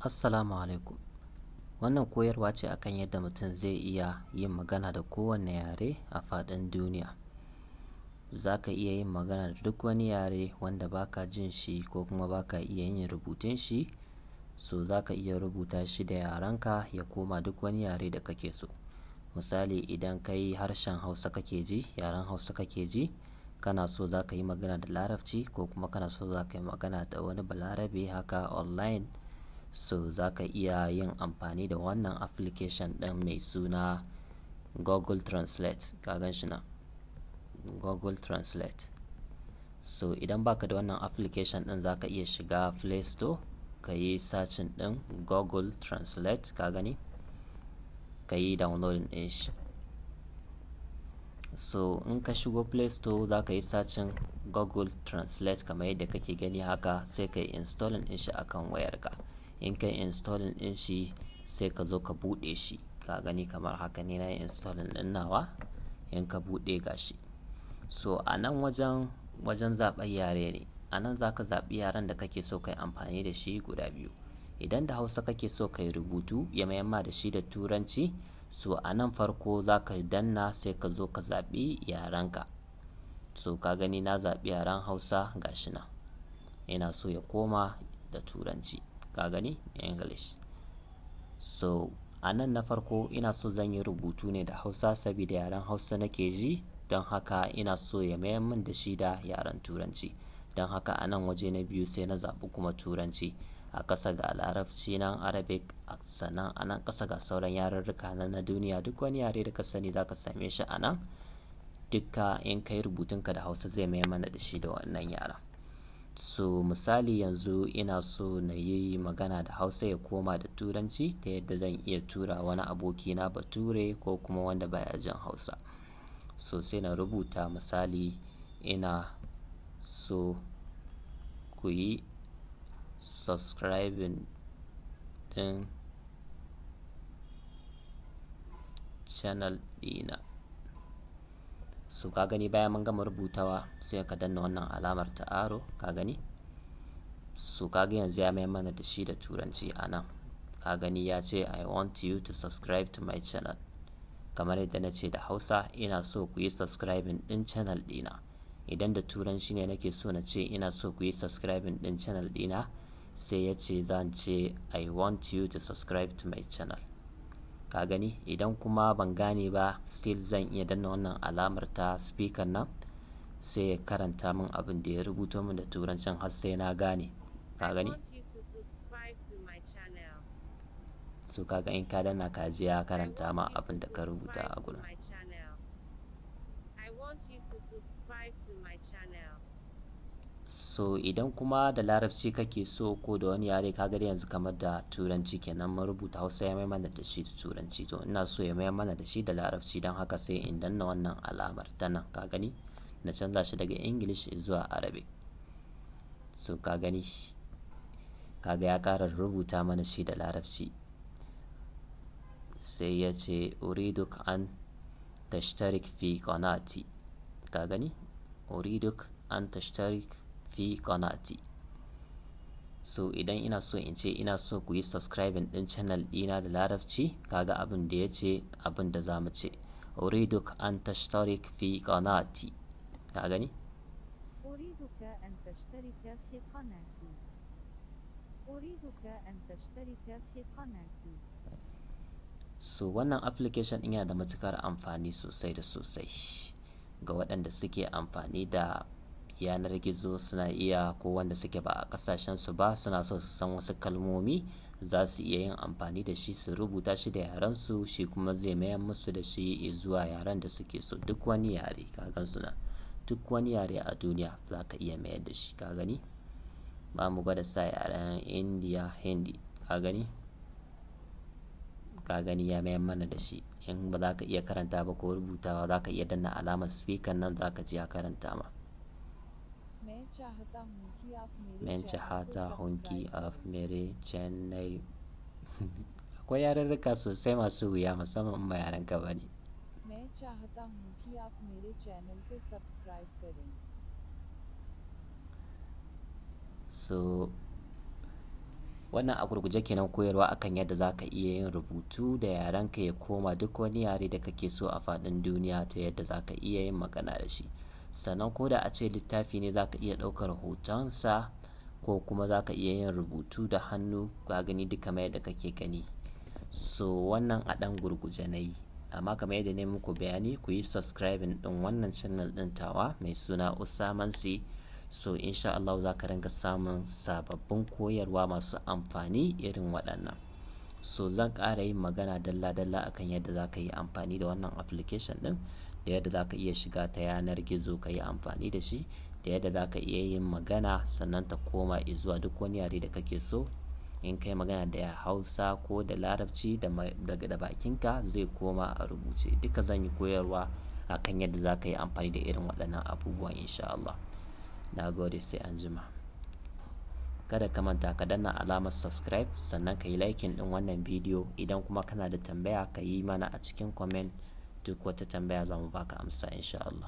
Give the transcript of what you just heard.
Assalamu alaikum wannan koyarwa ce akan yadda mutum zai iya yin magana da kowane yare a faɗin duniya za ka iya yin magana da duk wani yare wanda baka jin shi ko kuma baka iya yin rubutun shi so za ka iya rubuta shi da yarenka ya koma duk wani yare da kake so misali idan yi harshen hausa kake ji yaren hausa kake ji kana so za ka yi magana da larabci ko kuma kana so za ka yi magana da wani balarabe haka online so za ka iya yin amfani da wannan application ɗin mai suna google translate ka gan shi na google translate so idan baka da wannan application ɗin za ka iya shiga play store ka yi searching ɗin google translate ka gani ka yi downloading ɗin shi so in ka shigo play store za ka yi searching google translate kamar yadda kake gani haka sai ka yi installing ɗin shi akan wayarka in kai installing din shi sai ka zo ka bude shi ka gani kamar haka ne na yi installing din nawa in ka bude gashi so a nan wajen wajen zaben yare ne a nan za ka zaɓi yaren da kake so ka yi amfani da shi guda biyu idan da hausa kake so yi rubutu ya mayamma da shi da turanci so a nan farko za ka danna sai ka zo ka zaɓi yarenka so ka gani na zaɓi yaren hausa gashi nan ina so ya koma da turanci ka gani english so a nan na farko ina so zan yi rubutu ne da hausa saboda yaren hausa nake ji don haka ina so ya mayan min da shi da yaren turanci don haka a nan waje na biyu sai na zaɓi kuma turanci a ƙasa ga larabci nan arabic sannan a nan ƙasa ga sauran yarurruka nan na duniya duk wani yare da ka sani za ka same shi a nan dukka in kai rubutunka da hausa zai mayan mana da shi da wannan yaren so misali yanzu ina so na yi magana da hausa ya koma da turanci ta yadda zan iya tura wani aboki abokina bature ko kuma wanda baya jin hausa so sai na rubuta misali ina so ku yi subscribing din channel ɗina so ka gani bayan mun gama rubutawa sai ka danna wannan alamar ta aro ka gani so ka ga yanzu ya mayar mana da shi da turanci a nan ka gani ya ce i want you to subscribe to my channel kamar yadda na ce da hausa ina so ku yi subscribing din channel dina idan da turanci ne nake so na ce ina so ku yi subscribing din channel dina sai ya ce zan ce i want you to subscribe to my channel ka gani idan kuma ban gane ba still zan iya danna wannan alamar ta speaker nan sai ya karanta min abin da ya rubuto min da turancin har sai na gane ka gani so kaga in ka danna ka je ya karanta ma abin da ka rubuta a gurin so idan kuma da larabci kake so ko da wani yare kaga yanzu kamar da turanci kenan mun rubuta hausa ya mana da shi da turanci to ina so ya mai mana da shi da larabci don haka sai in danna wannan alamar ta nan ka gani na canza shi daga english zuwa arabic so ka gani kaga ya ƙara rubuta mana shi da larabci sai ya ce uriduk an tashtarik fi qanati ka gani uriduk an tashtarik fi konati so idan ina so in ce ina so ku yi subscribing din channel dina da larabci kaga abin da ya ce abin da za mu ce uriduk an tashtarik fi konati ka gani so wannan application yana da matukar amfani sosai da sosai ga waɗanda suke amfani da yanar gizo suna iya ko wanda suke ba a kasashen su ba suna so su san wasu kalmomi za su iya yin amfani da shi su rubuta shi da yaren su shi kuma zai mayar musu da shi zuwa yaren da suke so duk wani yare ka gan suna duk wani yare a duniya za ka iya mayar da shi ka gani ba mu gwada sa yaren indiya hindi ka gani ka gani ya mayar mana da shi in ba za ka iya karanta ba ko rubutawa za ka iya danna alamar speaker nan za ka ji a karanta ma मैं चाहता हूँ कि आप मेरे चेन्नई का sosai masu wuya ba yaran का बनी मैं चाहता हूँ कि आप मेरे चैनल को सब्सक्राइब करें so wannan a gurguje kenan koyarwa akan yadda za ka iya yin rubutu da yarenka ya koma duk wani yare da kake so a faɗin duniya ta yadda za ka iya yin magana da shi sannan ko da a ce littafi ne za ka iya ɗaukar hotonsa ko kuma za ka iya yin rubutu da hannu ga gani duk kamar yadda kake gani so wannan a ɗan gurguje na yi amma kamar yadda ne muku bayani ku yi subscribing ɗin wannan channel ɗin tawa mai suna usamansi so insha Allah za ka ringa samun sababbin koyarwa masu amfani irin waɗannan so zan ƙara yin magana dalla-dalla akan yadda za ka yi amfani da wannan application ɗin da yadda za ka iya shiga ta yanar gizo ka yi amfani da shi da yadda za ka iya yin magana sannan ta koma zuwa duk wani yare da kake so in kai magana da hausa ko da larabci daga da bakinka zai koma a rubuce duka zan yi koyarwa a kan yadda za ka yi amfani da irin waɗannan abubuwan insha Allah na gode sai an jima kada ka manta ka danna alamar subscribe sannan ka yi likin ɗin wannan bidiyo idan kuma kana da tambaya ka yi mana a cikin comment duk wata tambaya za mu baka amsa insha Allah